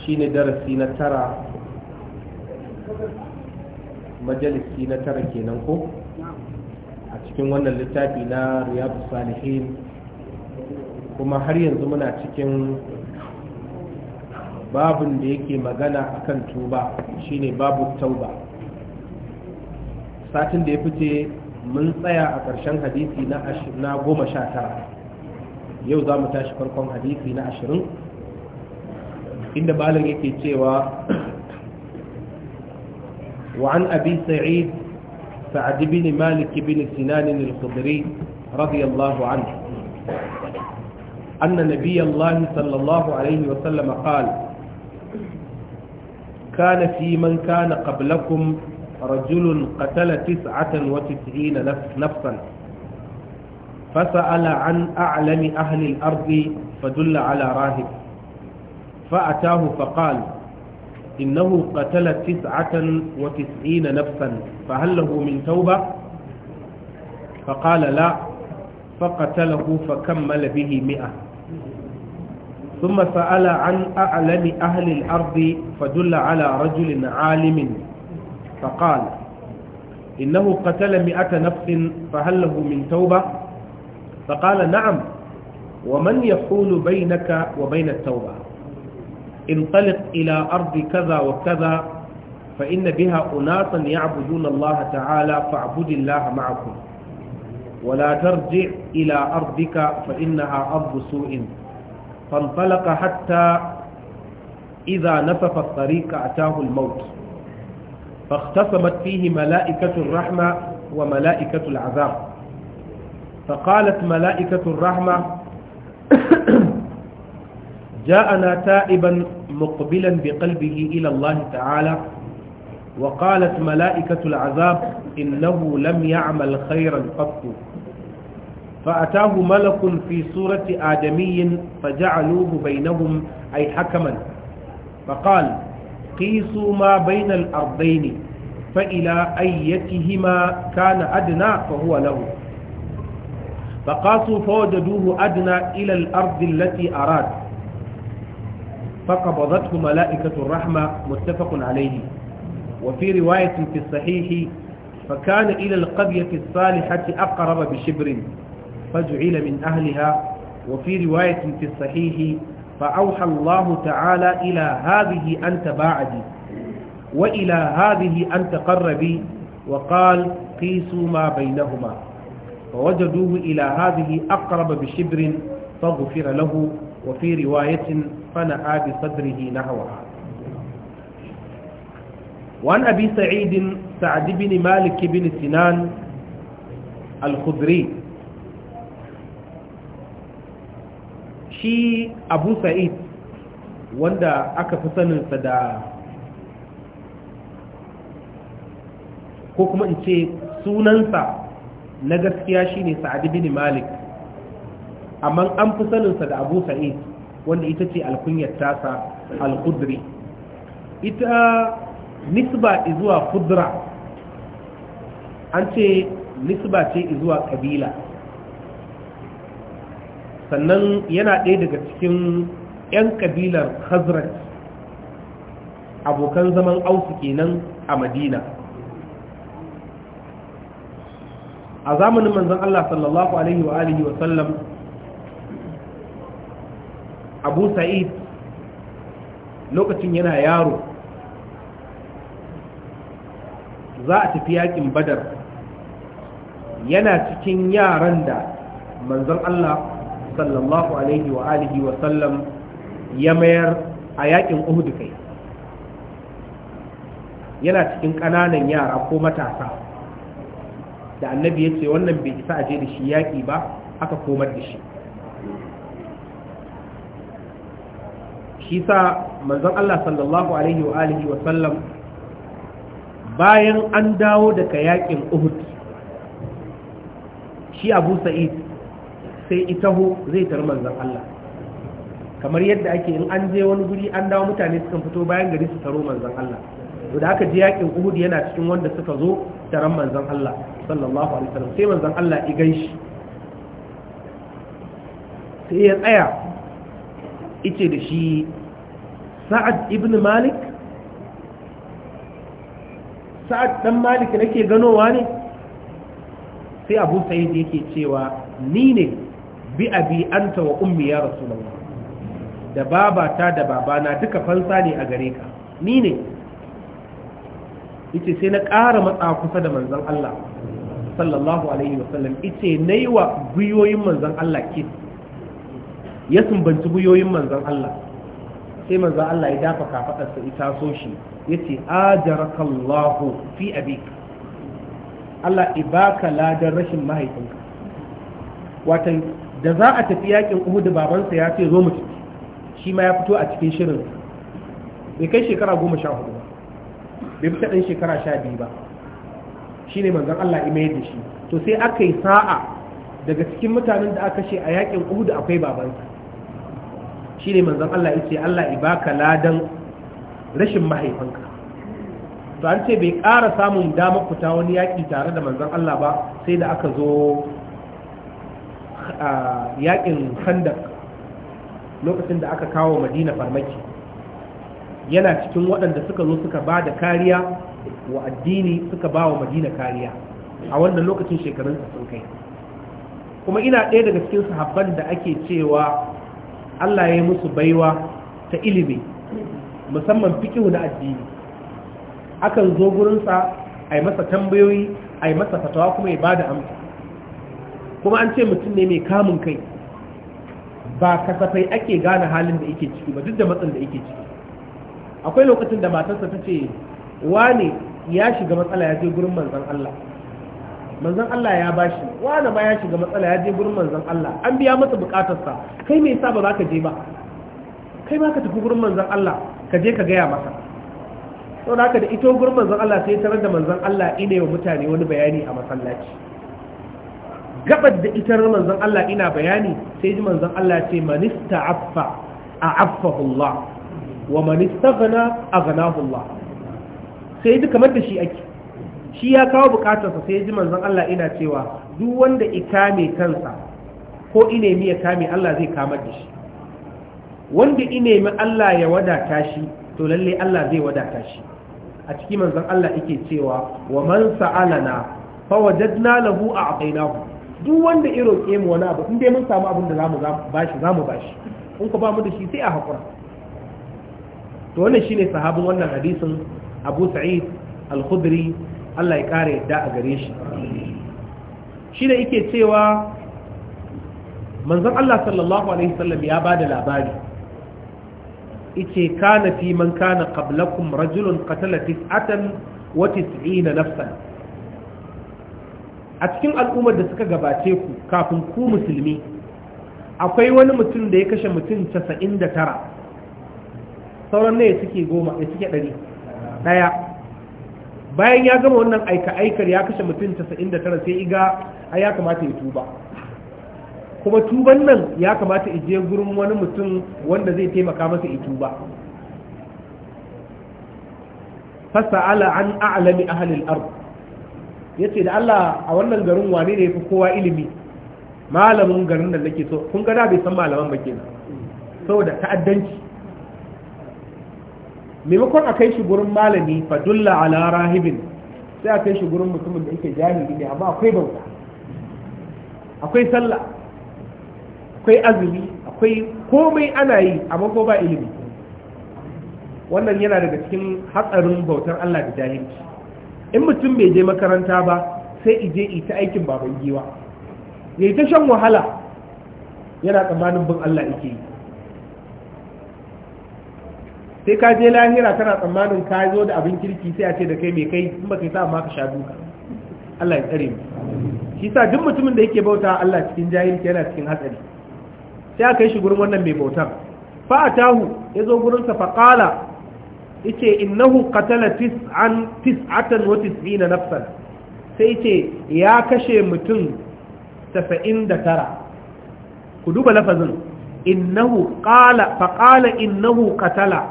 shi ne darasi na tara majalisi na tara kenan ko a cikin wannan littafi na riyadu salihin kuma har yanzu muna cikin babin da yake magana akan tuba shine babu tauba satin da ya fice mun tsaya a ƙarshen hadisi na goma sha tara yau za mu tashi farkon hadisi na ashirin inda malam yake cewa وعن أبي سعيد سعد بن مالك بن سنان الخضري رضي الله عنه أن نبي الله صلى الله عليه وسلم قال كان في من كان قبلكم رجل قتل تسعة وتسعين نفسا فسأل عن أعلم أهل الأرض فدل على راهب فأتاه فقال إنه قتل تسعة وتسعين نفسا فهل له من توبة فقال لا فقتله فكمل به مئة ثم سأل عن أعلم أهل الأرض فدل على رجل عالم فقال إنه قتل مئة نفس فهل له من توبة فقال نعم ومن يحول بينك وبين التوبة انطلق إلى أرض كذا وكذا فإن بها أناسا يعبدون الله تعالى فاعبد الله معكم ولا ترجع إلى أرضك فإنها أرض سوء فانطلق حتى إذا نفف الطريق أتاه الموت فاختصمت فيه ملائكة الرحمة وملائكة العذاب فقالت ملائكة الرحمة جاءنا تائبا مقبلا بقلبه إلى الله تعالى وقالت ملائكة العذاب إنه لم يعمل خيرا قط فأتاه ملك في صورة آدمي فجعلوه بينهم أي حكما فقال قيسوا ما بين الأرضين فإلى أيتهما كان أدنى فهو له فقاسوا فوجدوه أدنى إلى الأرض التي أراد فقبضته ملائكة الرحمة متفق عليه وفي رواية في الصحيح فكان إلى القرية الصالحة أقرب بشبر فجعل من أهلها وفي رواية في الصحيح فأوحى الله تعالى إلى هذه أن تباعدي وإلى هذه أن تقربي وقال قيسوا ما بينهما فوجدوه إلى هذه أقرب بشبر فغفر له وفي رواية فنعى بصدره نحوها وعن أبي سعيد سعد بن مالك بن سنان الخضري shi abu sa'id wanda aka fi saninsa da ko kuma in ce sunansa na gaskiya shine Sa'adu bin malik amma an fi saninsa da abu sa'id wanda ita ce alkunyar tasa al-qudri ita nisba zuwa kudra an ce nisba ce zuwa kabila sannan yana ɗaya daga cikin ƴan kabilar khazraj abokan zaman Aus kenan a madina a zamanin manzon Allah sallallahu alaihi wa alihi wa sallam Abu Sa'id lokacin yana yaro za a tafi yakin Badar yana cikin yaran da manzon Allah sallallahu alaihi wa alihi wa sallam ya mayar a yakin Uhud kai yana cikin ƙananan yara ko matasa da annabi ya ce wannan bai isa a je da shi yaƙi ba aka komar da shi shi sa manzon Allah sallallahu alaihi wa alihi wa sallam bayan an dawo daga yaƙin Uhud shi Abu Sa'id sai itaho zai tar manzon Allah kamar yadda ake in an je wani guri an dawo mutane sukan fito bayan gari su taro manzon Allah to da aka je yaƙin Uhud yana cikin wanda suka zo taron manzon Allah sallallahu alaihi wasallam sai manzon Allah ya ganshi sai ya tsaya ice da shi sa'ad ibn malik sa'ad dan malik nake ganowa ne sai abu sa'id yake cewa ni ne bi abi anta wa ummi ya rasulullah da babata da babana duka fansa ne a gare ka ni ne yace sai na ƙara matsa kusa da manzon Allah sallallahu alaihi wasallam ice na yi wa gwiwoyin manzan Allah ke. ya sumbanci gwiwoyin manzan Allah sai manzan Allah ya dafa kafaɗarsa ita so shi ya ce ajarakallahu fi abik Allah ibaka ladan rashin mahaifinka watan da za a tafi yakin da babansa ya ce zo mu tafi shi ma ya fito a cikin shirin bai kai shekara goma sha hudu ba bai fita ɗan shekara sha biyu ba Shi ne Manzan Allah ya da shi to sai aka yi sa'a daga cikin mutanen da aka ce a yakin Uhud akwai babansa ne Manzan Allah ya ce Allah ya baka ladan rashin mahaifanka to an ce bai ƙara samun damar fita wani yaƙi tare da Manzan Allah ba sai da aka zo yaƙin handak lokacin da aka kawo Madina farmaki yana cikin waɗanda suka zo suka ba da kariya wa addini suka ba wa madina kariya a wannan lokacin shekarunsa sun kai kuma ina ɗaya daga cikin sahabban da ake cewa Allah ya yi musu baiwa ta ilimi musamman fikihu na addini akan zo gurinsa a yi masa tambayoyi a yi masa fatawa kuma ya ba da amsa kuma an ce mutum ne mai kamun kai ba kasafai ake gane halin da yake ciki ba duk da matsin da yake ciki akwai lokacin da matarsa ta ce wane ya shiga matsala ya je gurin manzan Allah manzan Allah ya bashi wane ma ya shiga matsala ya je gurin manzan Allah an biya masa bukatarsa kai me yasa ba za ka je ba kai ma ka tafi gurin manzan Allah ka je ka gaya masa da haka da ito gurin manzan Allah sai tarar da manzan Allah ina yi wa mutane wani bayani a masallaci gabar da itar manzan Allah ina bayani sai ji manzan Allah ce manista affa a affahullah wa manista gana a ganahullah sai ji kamar da shi ake shi ya kawo bukatarsa sai ji manzon Allah ina cewa duk wanda ikame kansa ko inemi ya kame Allah zai kamar da shi wanda inemi Allah ya wadata shi to lalle Allah zai wadata shi a cikin manzon Allah yake cewa wa man sa'alana fa wajadna lahu a'tainahu duk wanda ya roke mu wani abu in mun samu abin da zamu bashi zamu bashi in ku mu da shi sai a hakura to wannan shine sahabin wannan hadisin abu sa'id al-khudri Allah ya kare yadda a gare shi shi da yake cewa manzon Allah sallallahu alaihi da ya bada labari ice kana fi man kana qablakum rajulun qatala tis'atan wa tis'ina nafsan a cikin al'ummar da suka gabace ku kafin ku musulmi akwai wani mutum da ya kashe mutum 99 sauran ne suke goma ya suke 100 daya bayan ya gama wannan aika-aikar ya kashe mutum da tara, sai iga a ya kamata ya tuba kuma tuban nan ya kamata ije gurin wani mutum wanda zai taimaka masa ya tuba fasa'ala an a'lami ahlil ard yace da Allah a wannan garin wane ne yafi kowa ilimi malamin garin da nake so kun gada bai san malaman ba kenan saboda ta'addanci maimakon a kai shi gurin malami fa dulla ala rahibin sai a kai shi gurin mutumin da yake jahili ne amma akwai bauta akwai sallah akwai azumi akwai komai ana yi amma ko ba ilimi wannan yana daga cikin hatsarin bautar Allah da jahilci in mutum bai je makaranta ba sai ije ita aikin baban giwa yayi ta shan wahala yana tsammanin bin Allah yake yi sai ka je lahira kana tsammanin ka zo da abin kirki sai a ce da kai mai kai in baka sa amma ka sha duka Allah ya tsare mu shi sa duk mutumin da yake bauta Allah cikin jahilci yana cikin hatsari sai aka yi shi gurin wannan mai bautar fa atahu zo gurin sa fa qala yace innahu qatala tis'an tis'atan wa tis'ina nafsan sai yace ya kashe mutum 99 ku duba lafazin innahu qala fa qala innahu qatala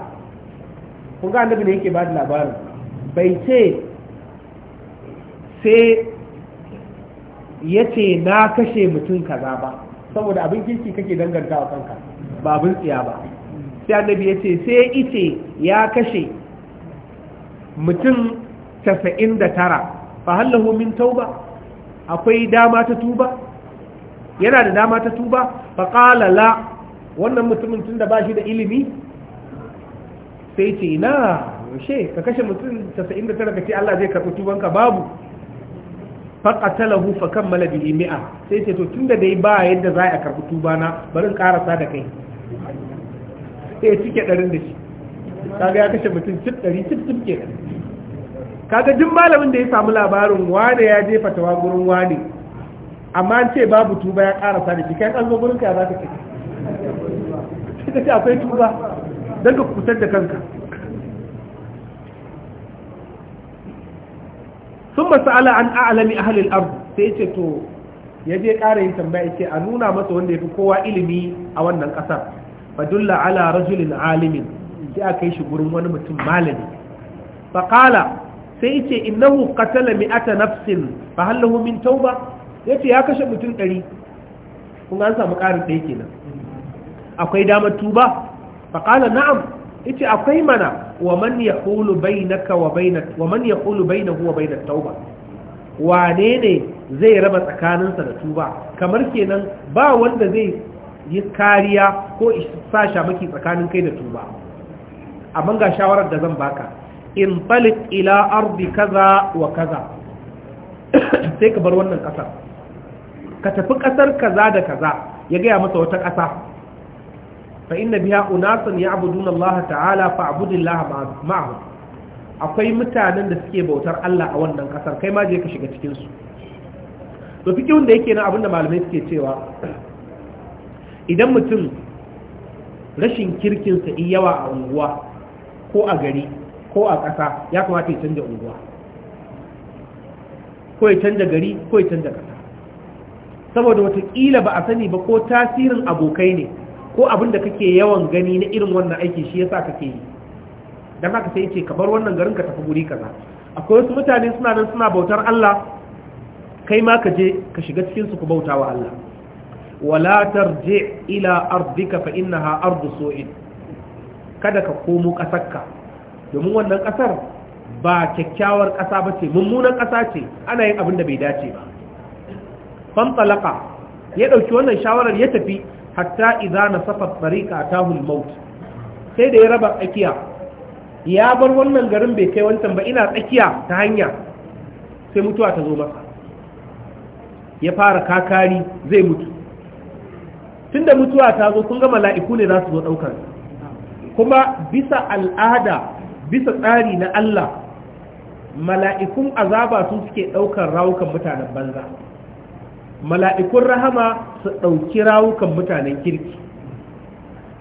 kun ga annabi ne yake ba da labarin bai ce sai ya na kashe mutum kaza ba saboda abin kirki kake danganta a kanka ba abin tsiya ba sai annabi ya ce sai ice ya kashe mutum casa'in da tara fa hallahu min tauba akwai dama ta tuba yana da dama ta tuba fa qala la wannan mutumin tunda ba shi da ilimi sai ce na yaushe ka kashe mutum 99 ka ce Allah zai karɓi tubanka babu faƙatalahu fa kammala bi mi'a sai ce to tun da dai ba yadda za a karɓi tubana bari ƙarasa karasa da kai sai cike ɗarin da shi kaga ya kashe mutum cif ɗari cif cif ke kaga duk malamin da ya samu labarin wane ya jefa tawa gurin wane amma an ce babu tuba ya karasa da shi kai an zo gurin ka ya za ka ce akwai tuba don ka kutar da kanka sun masala an alami ahalil abu sai ce to ya je ƙara yin tambaya ce a nuna masa wanda ya fi kowa ilimi a wannan ƙasar fadulla ala rajulin alimin sai a kai shi gurin wani mutum malami faƙala sai ce innahu qatala mi'ata nafsin fa hal lahu min tauba yace ya kashe mutum ɗari. kun an samu ƙarin ɗaya kenan akwai damar tuba faƙala na'am ita akwai mana wa man ya hulu bainaka wa bainat tauba zai raba tsakaninsa da tuba kamar kenan ba wanda zai yi kariya ko sa shamaki tsakanin kai da tuba amma ga shawarar da zan baka in falit ila ardi kaza wa kaza sai ka bar wannan kasar ka tafi kasar kaza da kaza ya gaya masa wata kasa fa inna biha unasan ya'buduna Allah ta'ala fa'budillaha ma'ahu akwai mutanen da suke bautar Allah a wannan kasar kai ma je ka shiga cikin su to fikihun da yake na abinda malamai suke cewa idan mutum rashin kirkinsa in yawa a unguwa ko a gari ko a ƙasa ya kamata ya canja unguwa ko ya canja gari ko ya canja ƙasa saboda wataƙila ba a sani ba ko tasirin abokai ne ko abin da kake yawan gani na irin wannan aiki shi yasa kake yi dan haka sai ce ka bar wannan garin ka tafi guri kaza akwai wasu mutane suna nan suna bautar Allah kai ma ka je ka shiga cikin su ku bauta wa Allah wala tarji ila ardika fa innaha ardu su'id kada ka komo kasarka domin wannan kasar ba kyakkyawar kasa bace mummunan kasa ce ana yin abin da bai dace ba Fam talaka ya dauki wannan shawarar ya tafi hatta idza نصف الطريق atahul الموت sai da ya raba tsakiya ya bar wannan garin bai kai wancan ba ina tsakiya ta hanya sai mutuwa ta zo masa ya fara kakari zai mutu tunda mutuwa ta zo kun ga mala'iku ne za su zo daukar kuma bisa al'ada bisa tsari na Allah mala'ikun azaba su suke daukar rawukan mutanen banza mala'ikun rahama su ɗauki rawukan mutanen kirki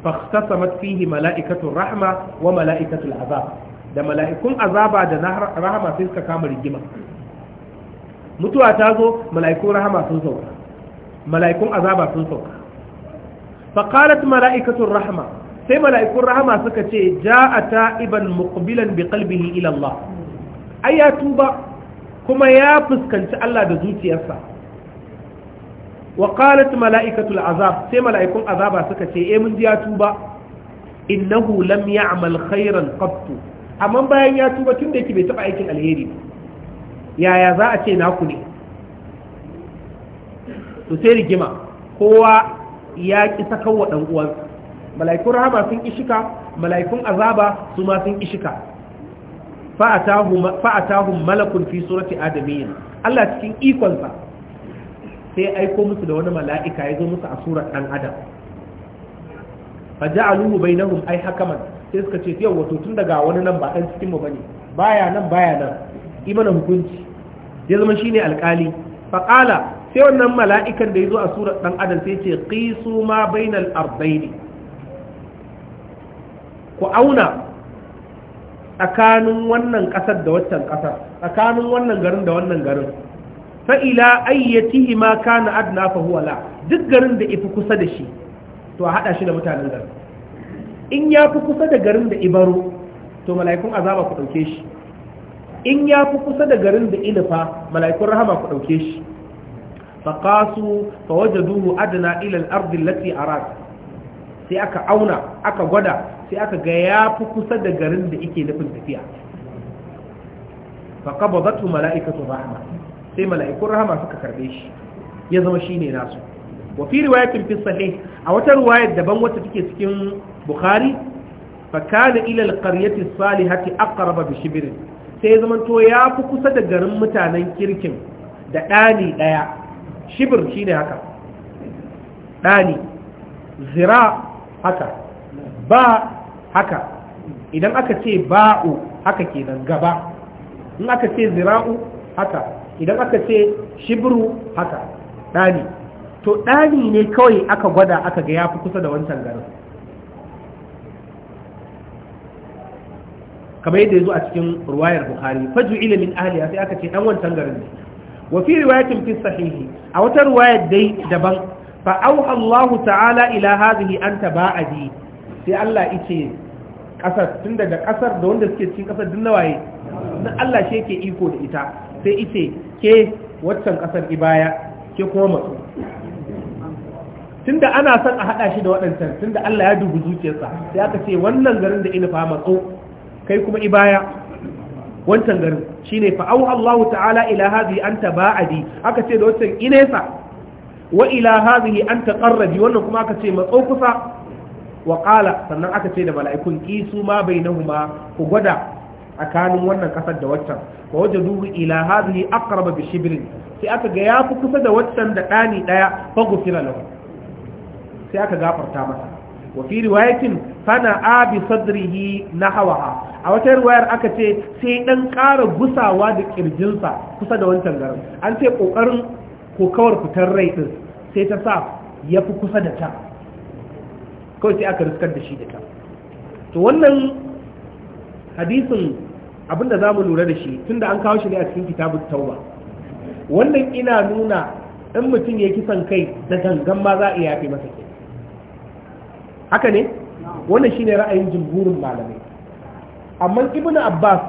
fakhtasamat fihi mala'ikatul Rahama wa mala'ikatul azab da mala'ikun azaba da rahama sai suka kama rigima mutuwa ta zo mala'ikun rahama sun sauka mala'ikun azaba sun sauka faqalat mala'ikatul rahma sai mala'ikun rahama suka ce ja ja'a ta'iban muƙubilan bi qalbihi ila Allah ai ya tuba kuma ya fuskanci Allah da zuciyarsa wa qalat mala'ikatul azab sai mala'ikun azaba suka ce eh mun ji ya tuba innahu lam ya'mal khairan qattu amma bayan ya tuba tun da bai taba aikin alheri yaya za a ce naku ne to sai rigima kowa ya ki sakawa dan uwansa mala'ikun rahama sun ishika mala'ikun azaba su ma sun ishika fa'atahum malakun fi surati adamiyyin Allah cikin ikonsa sai aiko musu da wani mala'ika ya zo musu a surar ɗan adam faja'aluhu bainahum ay hakaman sai suka ce yau wato tun daga wani nan ba dan cikin mu bane baya nan baya nan imana hukunci ya zama shine alkali fa sai wannan mala'ikan da ya zo a surar dan adam sai ce qisu ma bainal ardain ku auna tsakanin wannan kasar da waccan kasar tsakanin wannan garin da wannan garin fa ila ayyatihi ma kana adna fa huwa la duk garin da ifi kusa da shi to a hada shi da mutanen garin in ya fi kusa da garin da ibaro to mala'ikun azaba ku dauke shi in ya fi kusa da garin da ilifa mala'ikun rahama ku dauke shi fa qasu fa wajaduhu adna ila al-ard allati arad sai aka auna aka gwada sai aka ga ya fi kusa da garin da yake nufin tafiya fa qabadatu mala'ikatu rahma sai mala'ikun rahama suka karbe shi ya zama shi ne nasu wa fi riwayatin fi sahih a wata riwayar daban wata take cikin bukhari fa ilal ila alqaryati salihati aqrab bi shibrin sai ya zamanto ya fi kusa da garin mutanen kirkin da dani daya shibir shine haka dani zira haka ba haka idan aka ce ba'u haka kenan gaba in aka ce zira'u haka idan aka ce shibru haka ɗani to ɗani ne kawai aka gwada aka ga ya fi kusa da wancan garin kamar yadda ya zo a cikin ruwayar bukhari faju ilimin ahliya sai aka ce ɗan wancan garin ne wa fi riwayatin fi sahihi a wata riwayar dai daban fa auha Allah ta'ala ila hadhihi an taba'adi sai Allah yace kasar tun daga kasar da wanda suke cikin kasar din nawaye na Allah shi yake iko da ita sai yace ke waccan ƙasar ibaya ke kuma matsu tunda ana son a haɗa shi da waɗancan tunda Allah ya dubi zuciyarsa sai aka ce wannan garin da inifa matso kai kuma ibaya wancan garin shine fa au Allahu ta'ala ila hadhihi anta ba'adi aka ce da wancan inesa wa ila hadhihi anta qarrabi wannan kuma aka ce matso kusa wa qala sannan aka ce da mala'ikun qisu ma bainahuma ku gwada tsakanin wannan kasar da waccan wa waje duhu ila hadhihi aqrab bi shibrin sai aka ga yafi kusa da waccan da dani daya fa gufira lahu sai aka gafarta masa wa fi riwayatin fana abi sadrihi nahawaha a wata riwayar aka ce sai ɗan ƙara gusawa da ƙirjinsa kusa da wancan garin an ce kokarin kokawar fitar rai ɗin, sai ta sa fi kusa da ta kawai sai aka riskar da shi da ta to wannan hadisin abinda za mu lura da shi tun da an kawo shi ne a cikin kitabun tauba wannan ina nuna in mutum ya kisan kai da gangan ma za a iya yafe masa ke haka ne wannan shine ra'ayin jumhurin malamai amma ibnu abbas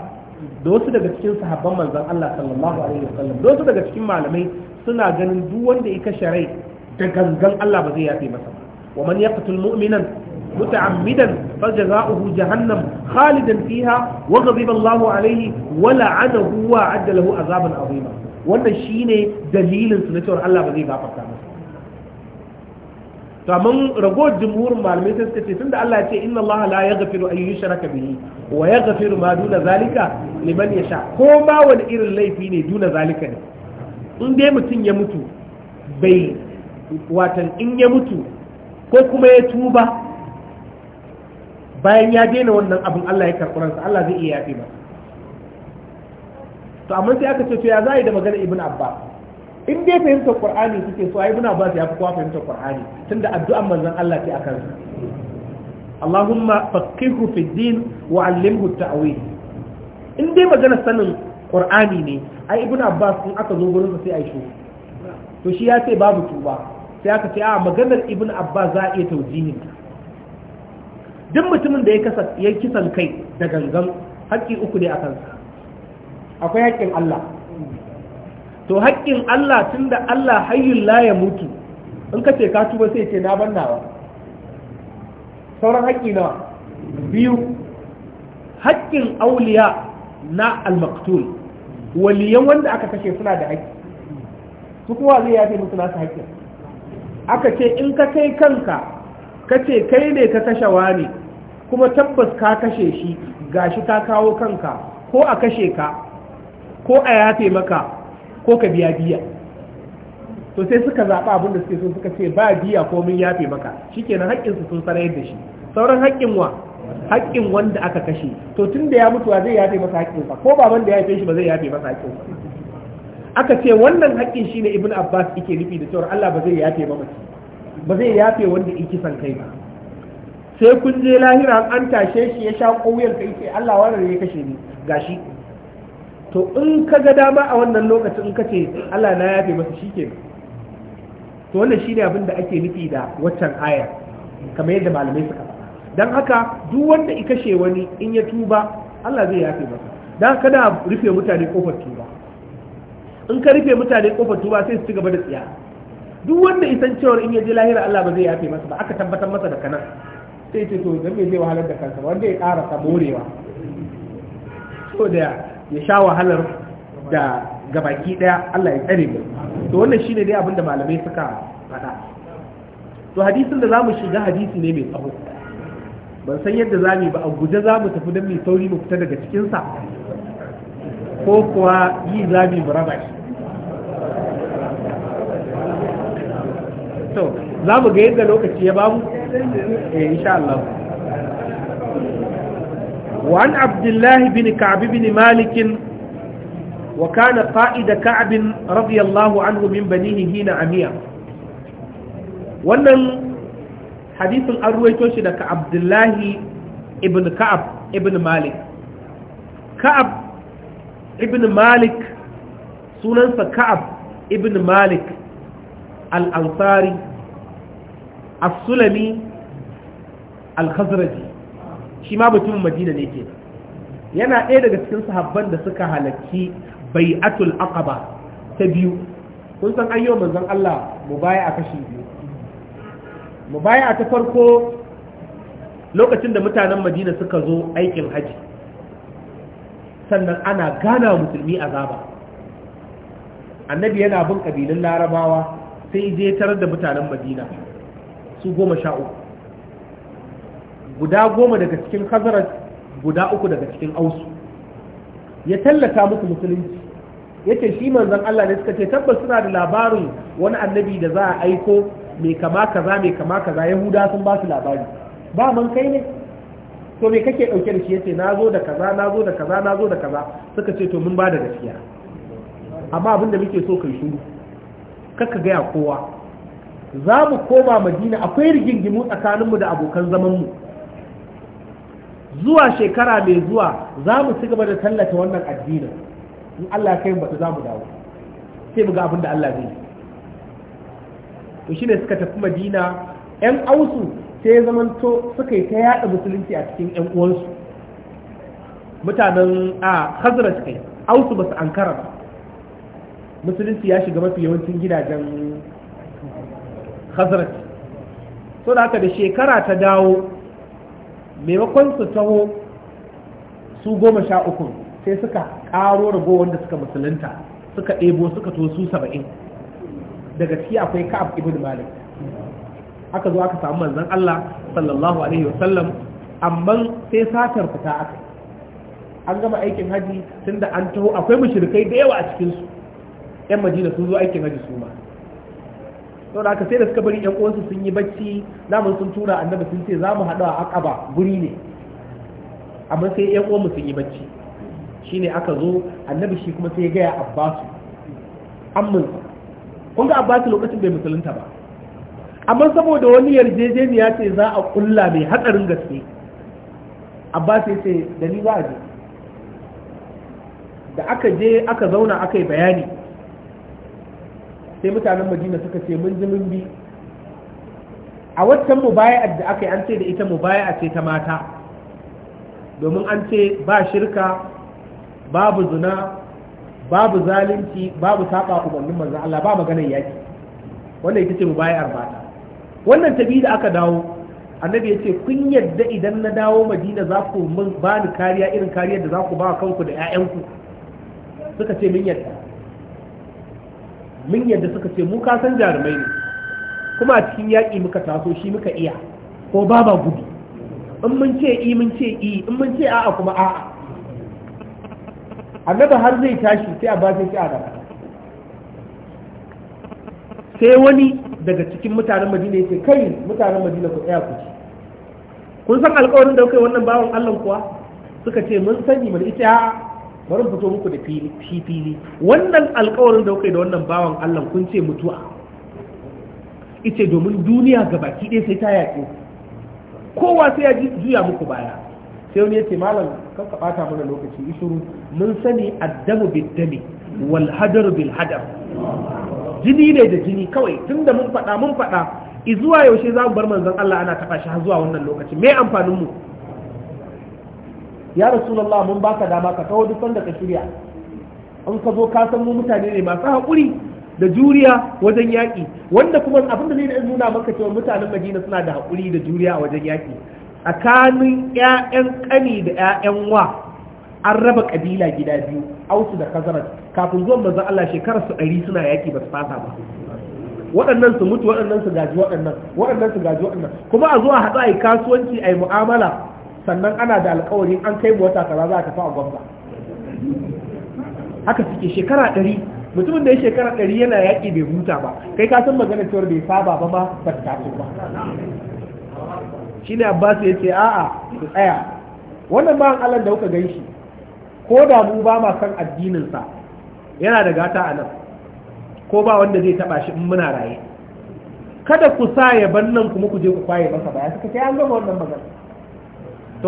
da wasu daga cikin sahabban manzon Allah sallallahu alaihi wasallam da wasu daga cikin malamai suna ganin duk wanda ya kashe rai da gangan Allah ba zai yafe masa ba wa man yaqtul mu'minan متعمدا فجزاؤه جهنم خالدا فيها وغضب الله عليه ولعنه وعد له عذابا عظيما wannan shine dalilin su na cewa Allah ba zai gafarta masa to amma ragowar jumhurin malamai sai suka ce tunda Allah ya ce inna Allah la yaghfiru an yushraka bihi wa yaghfiru ma duna zalika liman yasha ko ma wani irin laifi ne duna zalika ne in dai mutum ya mutu bai watan in ya mutu ko kuma ya tuba bayan ya daina wannan abin Allah ya karɓi ransa Allah zai iya yafi masa to amma sai aka ce to ya za a yi da magana ibn Abba? in dai fahimtar qur'ani suke so ai ibn abbas ya fi kowa fahimtar qur'ani tunda addu'an manzon Allah ce akan su Allahumma faqqihhu fi din wa 'allimhu at-ta'wil in dai magana sanin qur'ani ne ai ibn abbas in aka zo gurin sa sai ai shi to shi ya ce babu tuba sai aka ce a maganar ibn abbas za a iya taujihin duk mutumin da ya kisan kai da gangan haƙƙi uku ne a kansa akwai haƙƙin Allah to haƙƙin Allah tun da Allah hayyun la ya mutu in ka ce ka tuba sai ce na ban nawa sauran haƙƙi nawa biyu haƙƙin auliya na al-maktul waliyan wanda aka kashe suna da haƙƙi su kuma zai yafe musu nasu haƙƙin aka ce in ka kai kanka ka ce kai ne ka kashe wani kuma tabbas ka kashe shi gashi ka kawo kanka ko a kashe ka ko a yafe maka ko ka biya biya to sai suka zaɓa abin da suke so suka ce ba biya ko mun yafe maka shikenan haƙƙinsu sun sarayar da shi sauran haƙƙin wa haƙƙin wanda aka kashe to tun da ya mutuwa zai yafe masa haƙƙinsa ko baban da ya yafe shi ba zai yafe masa haƙƙinsa aka ce wannan haƙƙin shine ibn abbas yake nufi da cewa allah ba zai yafe ba mace ba zai yafe wanda in kisan kai ba sai kun je lahira an tashe shi ya sha ƙauyen ka sai Allah wannan ya kashe ni gashi to in ka ga dama a wannan lokacin in ka ce Allah na yafe masa shike to wannan shine abin da ake nufi da waccan aya kamar yadda malamai suka faɗa dan haka duk wanda ya kashe wani in ya tuba Allah zai yafe masa dan kada rufe mutane kofar tuba in ka rufe mutane kofar tuba sai su ci gaba da tsiya duk wanda isan cewar in ya je lahira Allah ba zai yafe masa ba aka tabbatar masa da kanan sai ce to zan zai wahalar da kansa wanda ya ƙara saborewa so da ya sha wahalar da gabaki daya Allah ya tsare mu to wannan shine dai abinda malamai suka faɗa to hadisin da zamu shiga hadisi ne mai tsaho ban san yadda za mu ba a guje zamu tafi don mai sauri mu fita daga cikin sa ko kuwa yi za mu raba shi to mu ga yadda lokaci ya bamu eh insha Allah وعن عبد الله بن كعب بن مالك وكان قائد كعب رضي الله عنه من بنيه هنا عميا wannan hadisin an ruwaito shi daga abdullahi ibn ka'ab ibn malik ka'ab ibn malik sunansa ka'ab ibn malik al-ansari as-sulami al-khazraji shi ma mutumin madina ne ke yana ɗaya daga cikin sahabban da suka halarci bai'atul aqaba ta biyu kun san ayyo manzon Allah mubaya a kashi biyu Mu a ta farko lokacin da mutanen madina suka zo aikin haji sannan ana gana musulmi azaba annabi yana bin ƙabilun larabawa sai je tarar da mutanen madina su goma sha uku guda goma daga cikin hazarar guda uku daga cikin ausu ya tallata musu musulunci Ya ce shi manzon Allah ne suka ce tabbas suna da labarin wani annabi da za a aiko mai kama kaza mai kama kaza yahuda sun ba su labari ba man kai ne to me kake dauke da shi yace nazo da kaza nazo da kaza nazo da kaza suka ce to mun ba da gaskiya amma abin da muke so kai shiru kaka gaya kowa za mu koma madina akwai rigingimu tsakaninmu da abokan zamanmu zuwa shekara mai zuwa za mu ci gaba da tallata wannan addinin in Allah ya kai bata za mu dawo sai mu ga abin da Allah zai to shine suka tafi madina yan ausu sai ya to suka yi ta yada musulunci a cikin yan uwansu mutanen a hazrat kai ausu ba su ankara ba musulunci ya shiga mafi yawancin gidajen khazraj so da haka da shekara ta dawo maimakon su taho su goma sha uku sai suka karo rabo wanda suka musulunta suka ɗebo suka to su saba'in daga ciki akwai ka'ab ibn malik aka zo aka samu manzon Allah sallallahu alaihi wasallam amma sai satar fita aka an gama aikin haji tunda an taho akwai mushrikai da yawa a cikin su yan madina sun zo aikin haji su ma to da aka sai da suka bari yan uwansu sun yi bacci namun sun tura annabi sun ce za mu haɗu a akaba guri ne amma sai yan mu sun yi bacci shine aka zo annabi shi kuma sai ya gaya abbasu amma kun ga abbasu lokacin bai musulunta ba amma saboda wani yarjejeniya ce za a kulla mai hatsarin gaske abbasu ya ce da ni za a je da aka je aka zauna aka yi bayani sai mutanen madina suka ce mun ji mun bi a waccan mubaya'ar da aka yi an ce da ita mubaya'a ce ta mata domin an ce ba shirka babu zina babu zalunci babu saba ubannin manzon Allah ba maganar yaki wannan ita ce mubaya'ar mata wannan tabi da aka dawo annabi ya ce kun yadda idan na dawo madina za ku ba ni kariya irin kariyar da za ku ba kanku da 'ya'yanku suka ce min yadda mun yadda suka ce mu ka san jarumai ne kuma a cikin yaƙi muka taso shi muka iya ko ba ba gudu in mun ce i mun ce i in mun ce a'a kuma a'a annabi har zai tashi sai a ba sai a gaba sai wani daga cikin mutanen madina yake kai mutanen madina ku tsaya ku ci kun san alƙawarin da kai wannan bawan Allah kuwa suka ce mun sani mun ita a'a bari fito muku da fili wannan alkawarin da kuka da wannan bawan Allah kun ce mutuwa ice domin duniya ga baki ɗaya sai ta yaƙi kowa sai ya juya muku baya sai wani ya ce malam kan bata mana lokaci ishuru mun sani addamu bil dami wal hadaru bil hadar jini ne da jini kawai tunda mun faɗa mun faɗa izuwa yaushe za mu bar manzon Allah ana taɓa shi har zuwa wannan lokaci me amfanin mu ya rasulullah mun baka dama ka kawo duk sanda ka shirya An ka zo ka san mu mutane ne masu haƙuri da juriya wajen yaƙi wanda kuma abinda ne da nuna maka cewa mutanen Madina suna da haƙuri da juriya a wajen yaƙi tsakanin ƴaƴan ƙani da ƴaƴan wa an raba ƙabila gida biyu ausu da kazarat kafin zuwan manzon Allah shekarar su ɗari suna yaƙi ba su fasa ba waɗannan su mutu waɗannan su gaji waɗannan waɗannan su gaji waɗannan kuma a zuwa haɗu a yi kasuwanci a yi mu'amala sannan ana da alkawari an kai wata kaza za ka fa a gwamna haka suke shekara ɗari mutumin da ya shekara ɗari yana yaƙi bai huta ba kai ka san magana cewar bai saba ba ma ba ta tafi ba shine abbas ya ce a'a ku tsaya wannan an alan da kuka shi ko da mu ba ma san addinin sa yana da gata a nan ko ba wanda zai taba shi in muna raye kada ku sa ya ban nan kuma ku je ku kwaye masa baya suka sai an gama wannan magana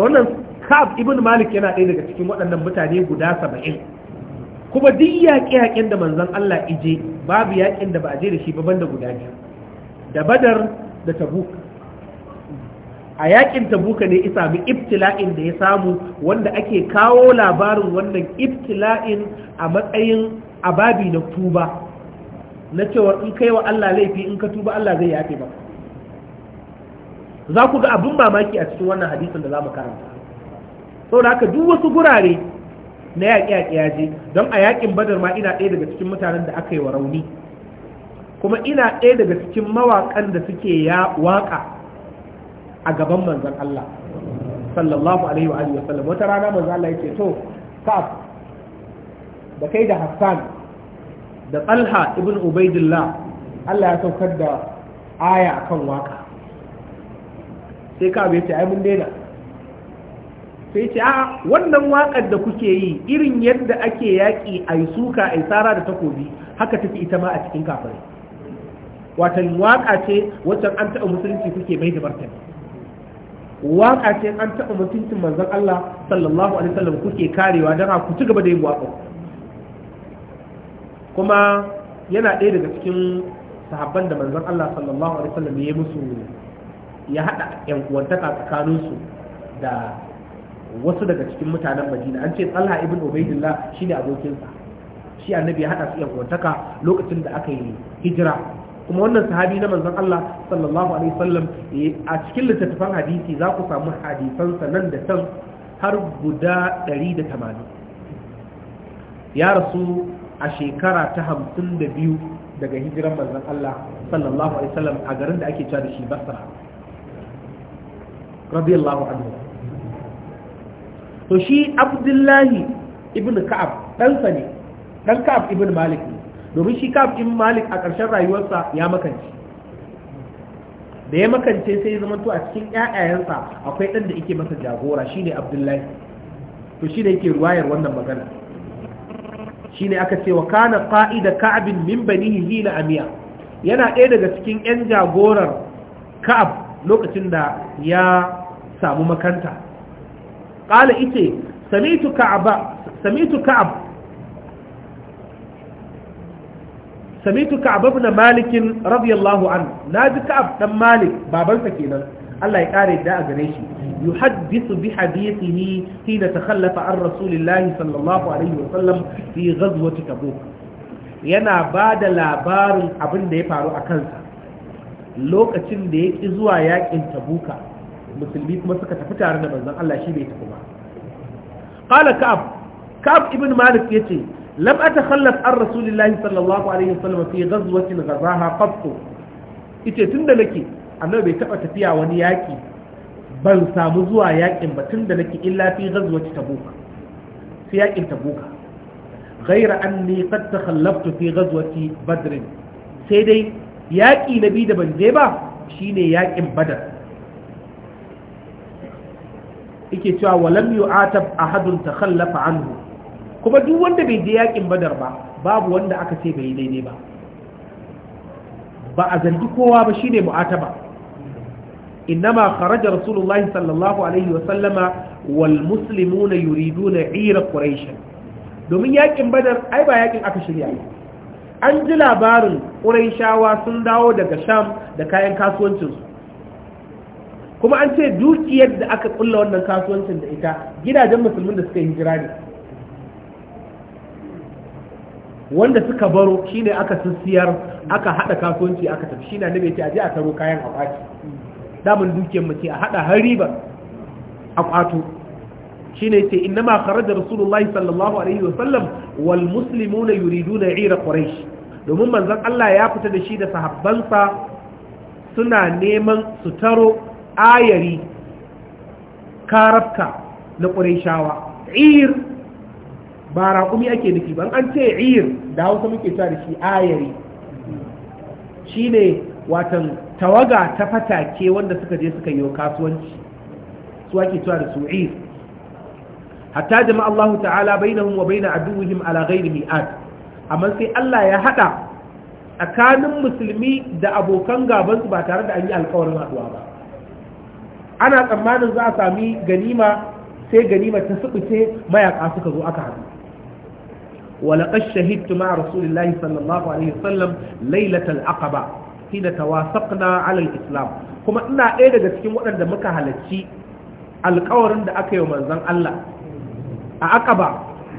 to wannan kab ibn malik yana ɗaya daga cikin waɗannan mutane guda saba'in kuma duk yaƙi yaƙin da manzon Allah ije babu yaƙin da ba a je da shi ba banda guda biyu da badar da tabuk a yaƙin tabuka ne isa mu ibtila'in da ya samu wanda ake kawo labarin wannan ibtila'in a matsayin ababi na tuba na cewa in kai wa Allah laifi in ka tuba Allah zai yafe maka za ku ga abin mamaki a cikin wannan hadisin da za mu karanta saboda haka duk wasu gurare na yaƙi-yaƙi ya don a yaƙin badar ma ina ɗaya daga cikin mutanen da aka yi wa rauni kuma ina ɗaya daga cikin mawaƙan da suke ya waƙa a gaban manzan Allah sallallahu alaihi wa alihi wa sallam wata rana manzan Allah yake to kaf da kai da Hassan da Talha ibn Ubaidillah Allah ya saukar da aya akan waƙa sai ka bai ce ai mun daina sai ce a wannan wakar da kuke yi irin yadda ake yaƙi a yi suka a yi tsara da takobi haka tafi ita ma a cikin kafare. watan waka ce waccan an taɓa musulunci kuke bai da martani waka ce an taɓa musulunci manzan Allah sallallahu alaihi wasallam kuke karewa don ku ci gaba da yin waka kuma yana ɗaya daga cikin sahabban da manzan Allah sallallahu alaihi wasallam ya yi musu ya haɗa yan uwantaka su da wasu daga cikin mutanen madina an ce talha ibn ubaidillah shine abokinsa shi annabi ya haɗa su yan kuwantaka lokacin da aka yi hijira kuma wannan sahabi na manzon Allah sallallahu alaihi wasallam eh, a cikin littattafan hadisi za ku samu hadisansa nan da can har guda 180 ya rasu a shekara ta hamsin 52 daga hijiran manzon Allah sallallahu alaihi wasallam a garin da ake cewa da shi Basra الله anhu to shi abdullahi ibn ka'ab ɗansa ne dan ka'ab ibn malik ne domin shi ka'ab ibn malik a karshen rayuwarsa ya makance da ya makance sai zama to a cikin ƴaƴayensa akwai ɗan da yake masa jagora shine abdullahi to shi ne yake ruwayar wannan magana shine aka ce wa kana qa'ida ka'abin min banihi hila amiya yana ɗaya daga cikin 'yan jagorar ka'ab lokacin da ya samu makanta ƙala ite samitu ka'ab samitu ka'ab ibn malikin radiyallahu an na ji ka'ab ɗan malik babansa kenan Allah ya ƙare da a gare shi يحدث بحديثه حين تخلف عن an الله صلى الله عليه وسلم في غزوة تبوك yana ba da labarin abin da ya faru a kansa lokacin da ya ƙi zuwa yaƙin tabuka musulmi kuma suka tafi tare da manzon Allah shi bai tafi ba qala ka'ab ka'ab ibn malik yace lam atakhallaf an rasulillahi sallallahu alaihi wasallam fi ghazwatin ghazaha qat yace tunda nake annabi bai taba tafiya wani yaki ban samu zuwa yakin ba tunda nake illa fi ghazwati tabuk fi yakin tabuk ghaira anni qad takhallaftu fi ghazwati badr sai dai yaki nabi da ban je ba shine yakin badar yake cewa walam yu'atab ahadun takhallafa anhu kuma duk wanda bai je yakin badar ba babu wanda aka ce bai daidai ba ba a zargi kowa ba shine mu'ataba innama kharaja rasulullahi sallallahu alaihi wa sallama wal muslimuna yuriduna ira quraish domin yakin badar ai ba yakin aka shirya an ji labarin quraishawa sun dawo daga sham da kayan kasuwancinsu kuma an ce dukiyar da aka kulla wannan kasuwancin da ita gidajen musulmin da suka hijira ne wanda suka baro shine aka sissiyar aka hada kasuwanci aka tafi shine ne bai ce aje a taro kayan a kwaci damun dukiyar mu ce a hada har riba a kwato shine ce ma kharaja rasulullahi sallallahu alaihi wa sallam wal muslimuna yuriduna ira quraish domin manzon Allah ya fita da shi da sahabbansa suna neman su taro ayari karafka na ƙuraishawa ir ba raƙumi ake nufi ban an ce ir da hausa muke sa da shi ayari shine watan tawaga ta fatake wanda suka je suka yi kasuwanci su ake cewa da su ir hatta jama Allah ta'ala bainahum wa baina aduwwihim ala ghairi mi'ad amma sai Allah ya hada tsakanin musulmi da abokan gabansu ba tare da an yi alƙawarin haduwa ba ana tsammanin za sami ganima sai ganima ta sukuce mayaka suka zo aka hannu walaƙar shahidtu ma rasulullahi sallallahu alaihi wasallam lailatul aqaba hina tawasaqna alal islam kuma ina ɗaya daga cikin waɗanda muka halarci alƙawarin da aka wa manzon Allah a aqaba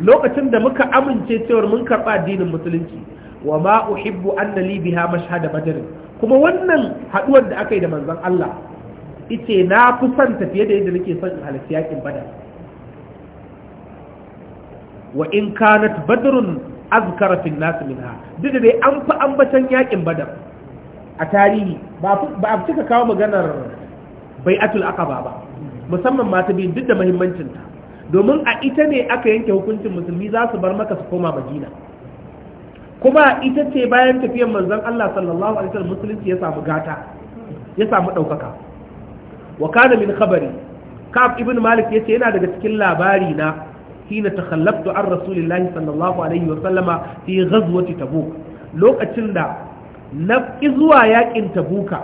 lokacin da muka amince cewar mun karɓa addinin musulunci wa ma uhibbu annali biha mashhada badr kuma wannan haɗuwar da aka da manzon Allah ice na fi son tafiye da yadda nake son in halarci yakin badar wa in kanat badrun azkara fil nas minha duk da dai an fi ambatan yakin badar a tarihi ba a cika kawo maganar bai'atul aqaba ba musamman mata biyu duk da muhimmancin domin a ita ne aka yanke hukuncin musulmi za su bar maka su koma madina kuma ita ce bayan tafiyar manzon Allah sallallahu alaihi wasallam musulunci ya samu gata ya samu daukaka wa kana min khabari kaf ibn malik yace yana daga cikin labari na hina takhallaftu an rasulillahi sallallahu alaihi wa sallama fi ghazwati tabuk lokacin da na zuwa yakin tabuka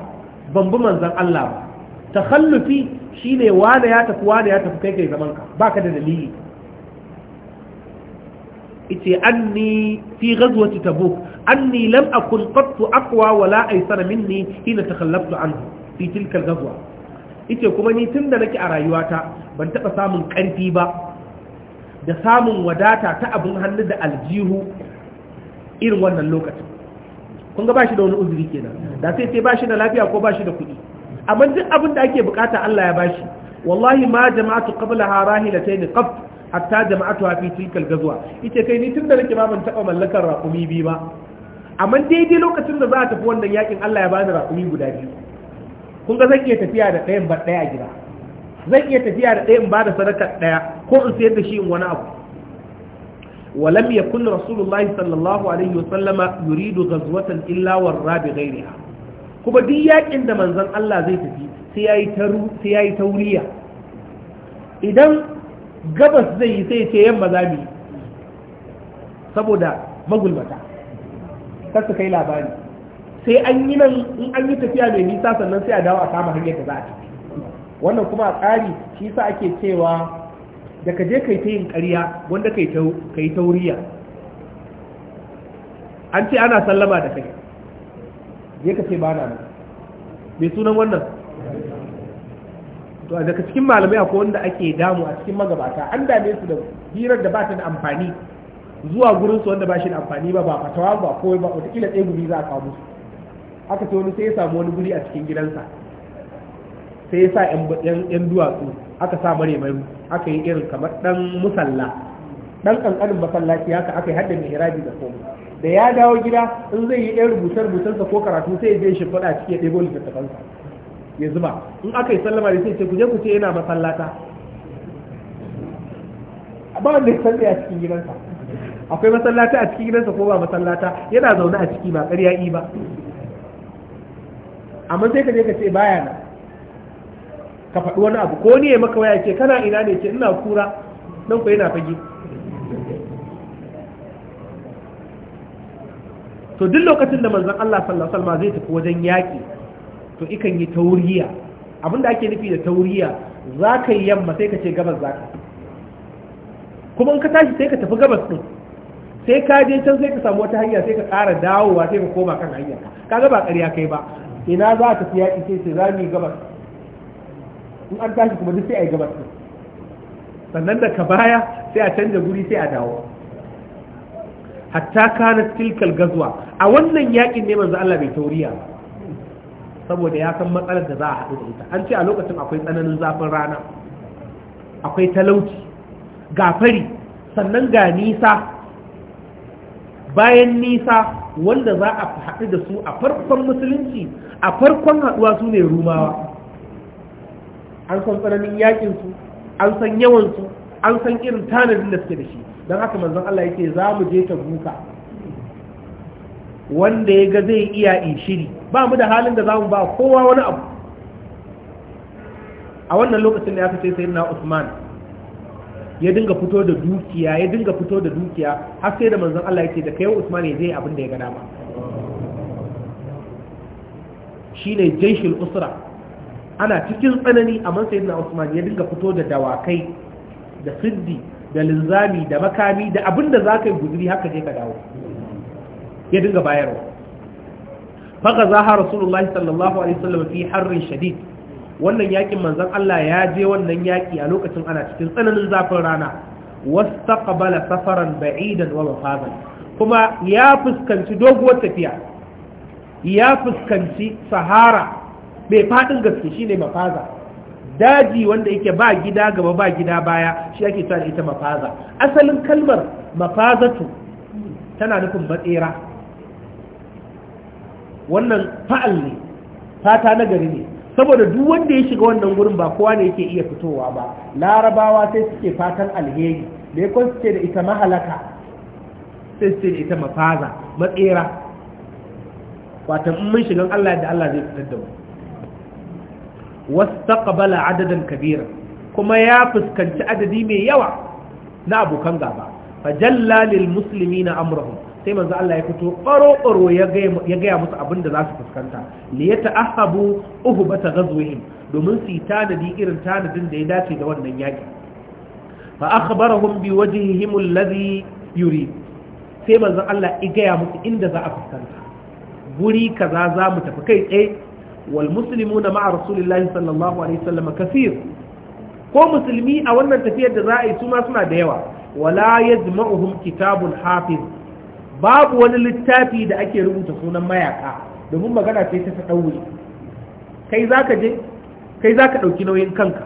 ban bi manzon Allah ba takhallufi shine wani ya tafi wani ya tafi kai kai zaman ka baka da dalili ite anni fi ghazwati tabuk anni lam akun qattu aqwa wala aysara minni hina takhallaftu anhu fi tilka al-ghazwa ita kuma ni tun da nake a rayuwata ban taɓa samun ƙarfi ba da samun wadata ta abin hannu da aljihu irin wannan lokacin kun ga ba shi da wani uzuri kenan da sai sai ba shi da lafiya ko ba shi da kuɗi amma duk abin da ake bukata Allah ya bashi wallahi ma jama'atu qablaha rahilatayn qabt hatta jama'atu fi tilkal gazwa ita kai ni tunda nake ba ban taba mallakar raƙumi biyu ba amma daidai lokacin da za a tafi wannan yakin Allah ya bani raƙumi guda biyu kun ga zan iya tafiya da ɗayan ba ɗaya gida zan iya tafiya da ɗayan ba da sadaka ɗaya ko in sayar da shi in wani abu ولم ya kunna الله صلى الله عليه وسلم يريد غزوة إلا ورى بغيرها kuma duk yakin da manzon Allah zai tafi sai yayi taru tauriya idan gabas zai yi sai ce yamma za mu saboda magulmata kar ka kai labari sai an yi nan in an yi tafiya mai nisa sannan sai a dawo a kama hanyar da za a tafi wannan kuma a tsari shi sa ake cewa da ka je kai ta yin ƙarya wanda kai ka yi tauriya an ce ana sallama da kai je ka ce ba na nan mai sunan wannan to daga cikin malamai akwai wanda ake damu a cikin magabata an dame su da hirar da ba ta da amfani zuwa gurin su wanda ba shi da amfani ba ba fatawa ba ko ba wata kila ɗaya gumi za a kawo musu aka ce wani sai ya samu wani guri a cikin gidansa sai ya sa yan duwatsu aka sa mare mai aka yi irin kamar dan musalla dan kankanin masallaci haka aka yi hadda mai hirabi da komai da ya dawo gida in zai yi yan rubuce sa ko karatu sai ya je shi fada ciki ya ɗebo sa ya zuba in aka yi sallama da sai ce ku je ku ce yana masallata ba wanda ya sanya a cikin gidansa akwai masallata a cikin gidansa ko ba masallata yana zaune a ciki ba ƙarya ba amma sai ka je ka ce baya nan ka faɗi wani abu ko ni ya maka waya ce kana ina ne ce ina kura nan ku yana fage to duk lokacin da manzon Allah sallallahu alaihi wasallam zai tafi wajen yaki to ikan yi tauriya da ake nufi da tauriya za ka yi yamma sai ka ce gabas za ka kuma in ka tashi sai ka tafi gabas ɗin sai ka je can sai ka samu wata hanya sai ka ƙara dawowa sai ka koma kan hanya kaga ba ƙarya kai ba ina za a tafi yaƙi sai za mu yi gabas in an tashi kuma duk sai a yi gabas sannan daga baya sai a canza guri sai a dawo hatta kana tilkal gazwa a wannan yaƙin ne manzo Allah bai tauriya saboda ya san matsalar da za a haɗu da ita an ce a lokacin akwai tsananin zafin rana akwai talauci ga fari sannan ga nisa bayan nisa wanda za a haɗu da su a farkon musulunci a farkon haɗuwa su ne rumawa an san tsananin yaƙinsu an san yawansu an san irin tanadin da suke da shi don haka manzon Allah yake za mu je ta buka wanda ya ga zai iya in shiri ba mu da halin da za mu ba kowa wani abu a wannan lokacin da ya fice sai na Usman ya dinga fito da dukiya ya dinga fito da dukiya har sai da manzon Allah yake da kai Usman ya zai abin da ya ga dama shine jaishin usra ana cikin tsanani a amma sayyidina Usman ya dinga fito da dawakai da siddi da linzami da makami da abinda zaka yi guduri haka je ka dawo ya dinga bayarwa faka zaha rasulullah sallallahu alaihi wasallam fi harrin shadid wannan yakin manzon Allah ya je wannan yaki a lokacin ana cikin tsananin zafin rana wastaqbala safaran ba'idan wa mafazan kuma ya fuskanci doguwar tafiya ya fuskanci sahara mai faɗin gaske shine mafaza daji wanda yake ba gida gaba ba gida baya shi ake cewa ita mafaza asalin kalmar mafazatu tana nufin matsera wannan fa'al ne fata na gari ne saboda duk wanda ya shiga wannan gurin ba kowa ne yake iya fitowa ba larabawa sai suke fatan alheri da ya suke da ita mahalaka sai suke da ita mafaza matsera wata mun shigan Allah da Allah zai fitar da mu wastaqbala adadan kabira kuma ya fuskanci adadi mai yawa na abokan gaba fajalla lil muslimina amrahum sai manzo Allah ya fito baro baro ya gaya musu abin da za su fuskanta li yata'ahabu uhbata ghazwihim domin su tanadi irin tanadin da ya dace da wannan yaki fa akhbarahum bi wajhihim alladhi yuri sai manzo Allah ya gaya musu inda za a fuskanta guri kaza za mu tafi kai tsaye wal na ma'a rasulillahi sallallahu alaihi wasallam kaseer ko musulmi a wannan tafiyar da za a yi su ma suna da yawa wala ya yajma'uhum kitabun hafiz babu wani littafi da ake rubuta sunan mayaka domin magana ce ta tsauri kai zaka je kai ka ɗauki nauyin kanka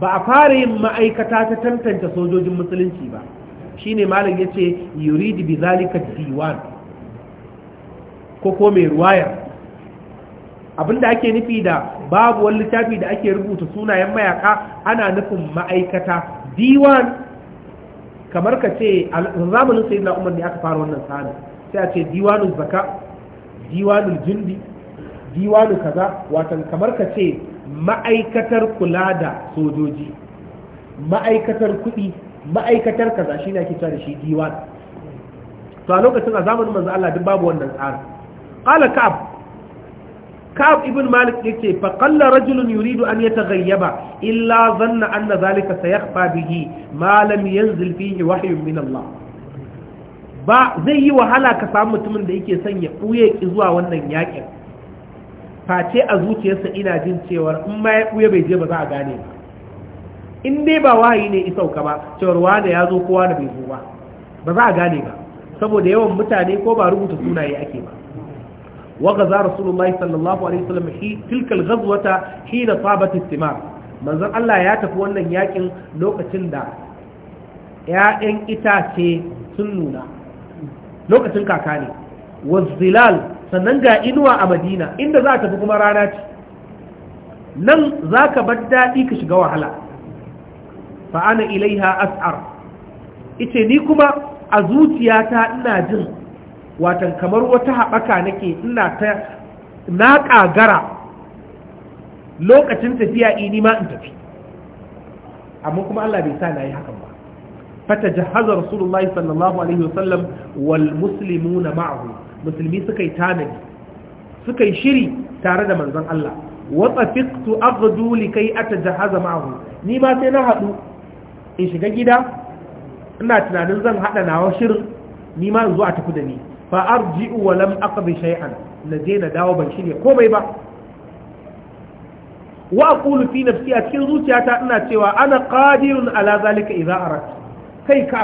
ba a fara yin ma'aikata ta tantance sojojin musulunci ba shine malam ce yuridu bi zalika diwan ko ko mai ruwayar abinda ake nufi da babu wani littafi da ake rubuta sunayen mayaka ana nufin ma'aikata diwan kamar ka ce zamanin sayi na umar ne aka fara wannan tsarin sai a ce diwanin zaka diwanin jindi diwanin kaza watan kamar ka ce ma'aikatar kula da sojoji ma'aikatar kuɗi ma'aikatar kaza shi ne ake cewa da shi diwan to a lokacin a zamanin manzo Allah duk babu wannan tsarin qala ka'ab ka'ab ibn malik yake fa qalla rajulun yuridu an yataghayyaba illa zanna anna zalika sayakhfa bihi ma lam yanzil fihi wahyun min Allah ba zai yi wahala ka samu mutumin da yake son ya ki zuwa wannan yakin face a zuciyarsa ina jin cewar in ma ya buye bai je ba za a gane ba in dai ba wahayi ne isauka ba cewar wane ya zo kowa da bai zo ba ba za a gane ba saboda yawan mutane ko ba rubuta sunaye ake ba وغزا رسول الله صلى الله عليه وسلم تلك الغزوة حين صابت الثمار manzon Allah ya tafi wannan yakin lokacin da ‘ya'yan itace sun nuna lokacin kaka ne wazzilal sannan ga inuwa a madina inda za fi kuma rana ce nan za ka bar daɗi ka shiga wahala fa'ana ilaiha as'ar ita ni kuma a zuciyata ina jin watan kamar wata haɓaka nake ina ta na ƙagara lokacin tafiya ini ma in tafi amma kuma Allah bai sa na yi hakan ba fata jahazar rasulullahi sallallahu alaihi wasallam wal muslimuna ma'ahu musulmi suka yi tanadi suka yi shiri tare da manzon Allah wata fiktu kai likai jahaza ma'ahu ni ma sai na haɗu in shiga gida ina tunanin zan haɗa nawa shirin ni ma in zo a tafi da ni fa arji'u wa lam aqdi shay'an na je na dawo ban shirya komai ba wa aqulu fi nafsi a cikin zuciyata ina cewa ana qadirun ala zalika idza arat kai ka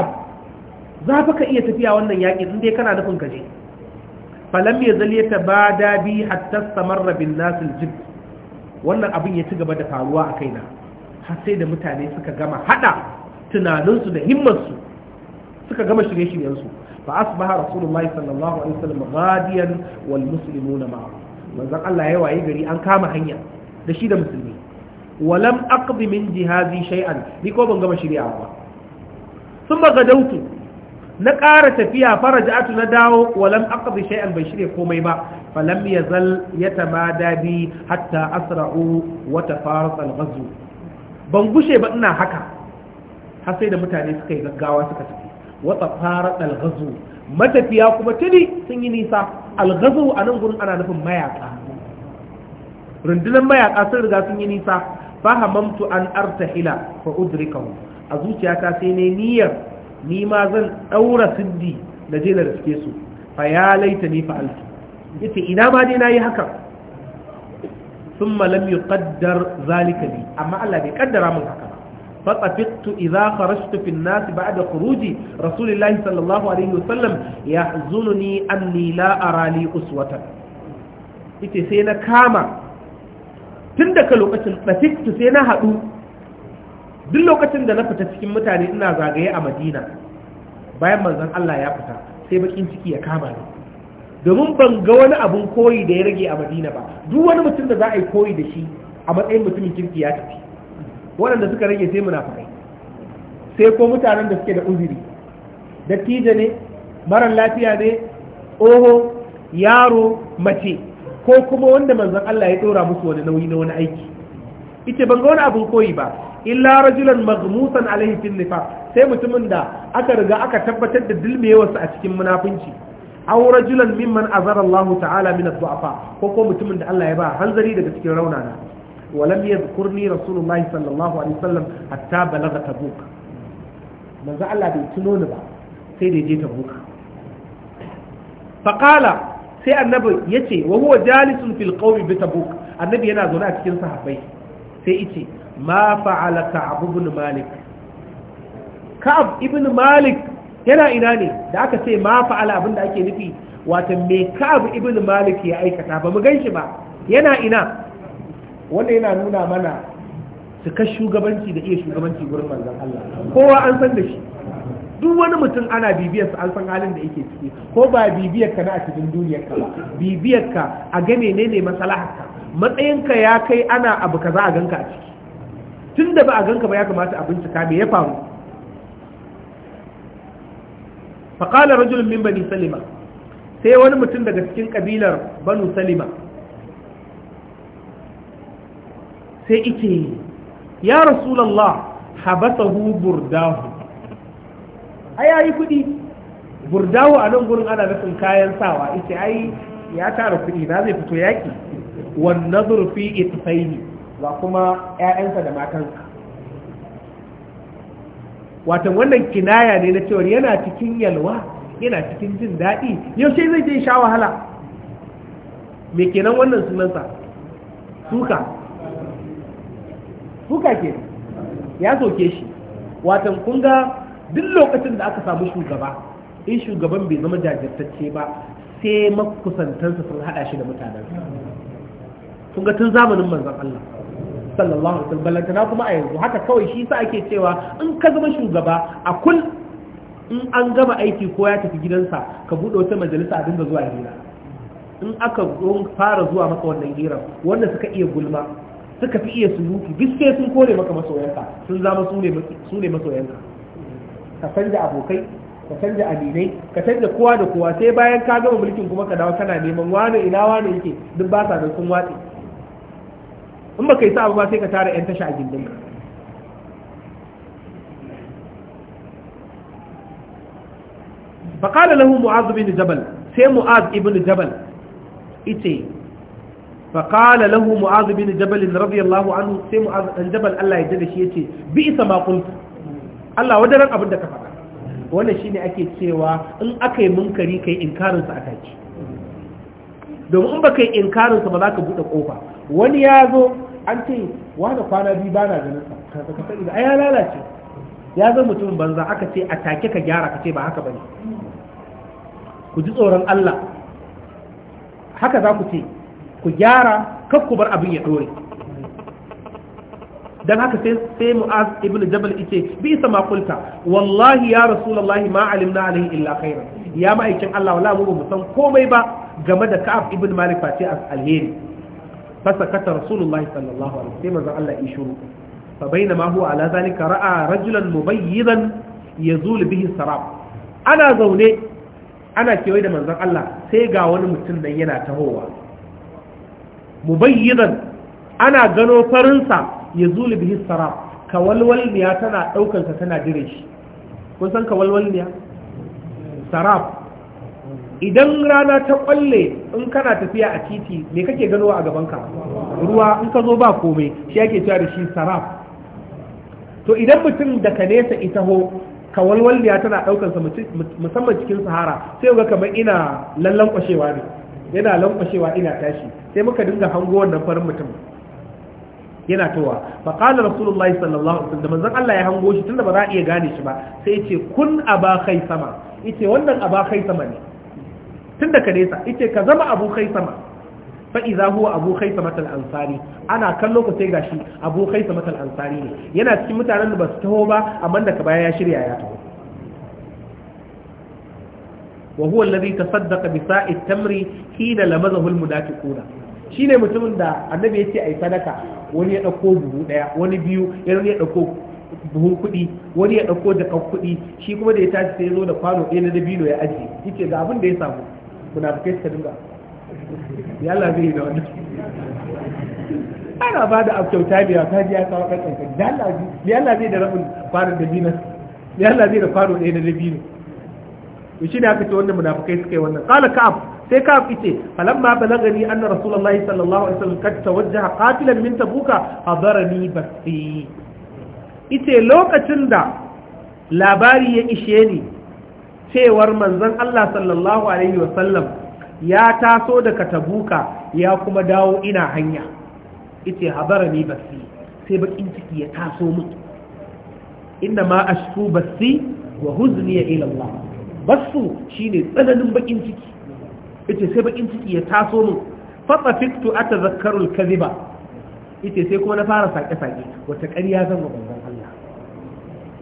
za fa ka iya tafiya wannan yaki in dai kana nufin ka je falam yazal yatabada bi hatta samarra bin nas Jib. wannan abin ya ci gaba da faruwa a kaina har sai da mutane suka gama hada tunaninsu da himmarsu suka gama shirye-shiryensu فأصبح رسول الله صلى الله عليه وسلم غاديا والمسلمون معه manzon Allah ya waye gari an kama hanya da shi da musulmi walam aqdi min jihazi shay'an ni ko ban gama shirya ba sun ba gadautu na ƙara tafiya faraja'atu na dawo walam aqdi shay'an bai shirya komai ba falam yazal yatamada bi hatta asra'u wa tafarat al-ghazw ban gushe ba ina haka har sai da mutane suka yi gaggawa suka tafi wata fara algazu matafiya kuma tuni sun yi nisa algazu a nan gudun ana nufin mayaka rundunar mayaka sun riga sun yi nisa fahamamtu an artahila fa udrikahu a zuciyata sai ne niyyar ni ma zan daura siddi na je na riske su fa ya laita ni fa alfi yace ina ma dai nayi haka thumma lam yuqaddar zalika li amma Allah bai kaddara min haka فطفقت إذا خرجت في الناس بعد خروج رسول الله صلى الله عليه وسلم يحزنني أني لا أرى لي أسوة ita sai na kama tun daga lokacin fasiktu sai na haɗu duk lokacin da na fita cikin mutane ina zagaye a madina bayan manzan Allah ya fita sai bakin ciki ya kama ni domin ban ga wani abun koyi da ya rage a madina ba duk wani mutum da za a yi koyi da shi a matsayin mutumin kirki ya tafi waɗanda suka rage sai munafikai sai ko mutanen da suke da uzuri dattijo ne marar lafiya ne oho yaro mace ko kuma wanda manzon Allah ya dora musu wani nauyi na wani aiki ita ban ga wani abin koyi ba illa rajulan maghmusan alaihi fil nifaq sai mutumin da aka riga aka tabbatar da wasu a cikin munafinci aw rajulan mimman azara Allah ta'ala min ad-du'afa ko ko mutumin da Allah ya ba hanzari daga cikin raunana ولم يذكرني رسول الله صلى الله عليه وسلم حتى بلغ تبوك manzo Allah bai tuno ni ba sai da je Tabuk faqala sai annabi yace wa huwa jalisun fil qawmi bi Tabuk annabi yana zaune a cikin sahabbai sai yace ma fa'ala Ka'ab ibn Malik Ka'ab ibn Malik yana ina ne da aka ce ma fa'ala abinda ake nufi wato me Ka'ab ibn Malik ya aikata ba mu shi ba yana ina wanda yana nuna mana su ka shugabanci da iya shugabanci gurin manzan Allah kowa an san da shi duk wani mutum ana bibiyarsa an san halin da yake ciki ko ba bibiyar ka na a cikin duniyar ka ba bibiyar ka a ga menene maslahar ka matsayin ka ya kai ana abu kaza a ganka a ciki tunda ba a ganka ba ya kamata a bincika me ya faru qala rajul min bani salima sai wani mutum daga cikin kabilar banu salima sai yi ya rasulallah habasahu burdahu ai yayi kuɗi burdahu a nan gurin ana nufin kayan sawa ita ai ya tara kuɗi na zai fito yaƙi wannan zurfi itfaini ba kuma 'ya'yansa da matansa watan wannan kinaya ne na cewar yana cikin yalwa yana cikin jin daɗi yaushe zai je sha wahala mai kenan wannan sunansa suka suka ke ya soke shi watan kunga duk lokacin da aka samu shugaba in shugaban bai zama jajirtacce ba sai makusantansa sun hada shi da mutanen kun ga tun zamanin manzon Allah sallallahu alaihi wasallam kuma a yanzu haka kawai shi sa ake cewa in ka zama shugaba a kul in an gama aiki ko ya tafi gidansa ka buɗe wata majalisa a dinga zuwa hira in aka fara zuwa maka wannan hira wanda suka iya gulma suka fi iya suluki. duk sai sun kore maka masoyanka sun zama su ne masoyanka ka canja abokai ka canja alinai ka canja kowa da kowa sai bayan ka gama mulkin kuma ka dawo kana neman wani ina wani yake duk ba sa da sun watsi in ba kai sa ba sai ka tara yan tasha a gindin ka فقال lahu mu'adh بن jabal sai mu'adh ibn Jabal ite. فقال له معاذ بن جبل رضي الله عنه سي معاذ بن جبل الله يجد شي yace bi isa ma qult Allah wadaran abin da ka faɗa wannan shine ake cewa in aka yi munkari kai inkarin sa aka ci domin in baka yi inkarin sa ba za ka bude kofa wani ya zo an ce wani kwana biyu bana ganin sa ka sani da ya lalace ya zo mutum banza aka ce a take ka gyara ka ce ba haka bane ku ji tsoron Allah haka za ku ce ku gyara kar ku bar abin ya dore dan haka sai mu'az ibnu jabal yace bi isa ma kulta wallahi ya rasulullahi ma alimna alaihi illa khairan ya ma'aikin Allah wala mu mu san komai ba game da ka'ab ibn malik fati alheri fasakata rasulullahi sallallahu alaihi wasallam manzo Allah ya shiru fa bainama huwa ala zalika ra'a rajulan mubayyidan yazul bihi sarab ana zaune ana kewaye da manzon Allah sai ga wani mutum nan yana tahowa mubayyidan ana gano farinsa ya zuli bihi sarab Kawalwalmiya tana daukar tana dire shi kun san kawalwalmiya? sara idan rana ta kwalle in kana tafiya a titi me kake ganowa a gaban ka ruwa in ka zo ba komai shi yake cewa da shi Saraf. to idan mutum daga nesa ita ho kawalwalmiya tana daukar musamman cikin sahara sai ga kamar ina lallan kwashewa ne yana lankwashewa ina tashi sai muka dinga hango wannan farin mutum yana towa fa qala rasulullahi sallallahu alaihi wasallam manzon Allah ya hango shi tunda ba za a iya gane shi ba sai ya ce kun aba kai sama yace wannan aba kai sama ne tunda ka nesa yace ka zama abu kai sama fa idza huwa abu kai sama al ansari ana kallo ku sai gashi abu kai sama al ansari ne yana cikin mutanen da ba su taho ba amma da ka baya ya shirya ya taho wa huwa alladhi tasaddaqa bi sa'i tamri hina lamazahu almudafiquna shine mutumin da annabi yace ai sadaka wani ya dauko buhu daya wani biyu wani ya dauko buhun kuɗi wani ya dauko kan kuɗi shi kuma da ya tashi sai ya zo da kwano ɗaya na dabino ya ajiye yace ga abin da ya samu munafikai suka dinga ya Allah zai yi da wannan ana ba da kyauta biya ta ji ya kawo kan kankan ya Allah zai da rabin farin dabino ya Allah zai da kwano ɗaya na dabino to shi aka ce wannan munafikai suka yi wannan qala ka'ab sai ka'ab yace falamma balagani anna rasulullahi sallallahu alaihi wasallam kad tawajjaha qatilan min tabuka hadarani basi yace lokacin da labari ya ishe ni cewar manzon Allah sallallahu alaihi wasallam ya taso daga tabuka ya kuma dawo ina hanya yace hadarani basi sai bakin ciki ya taso min inna ma ashku basi wa huzni ila Allah basu shine tsananin bakin ciki yace sai bakin ciki ya taso min fa tafiktu atazakkaru al-kadhiba Ita sai kuma na fara sake sake wata ƙarya zan ga manzon Allah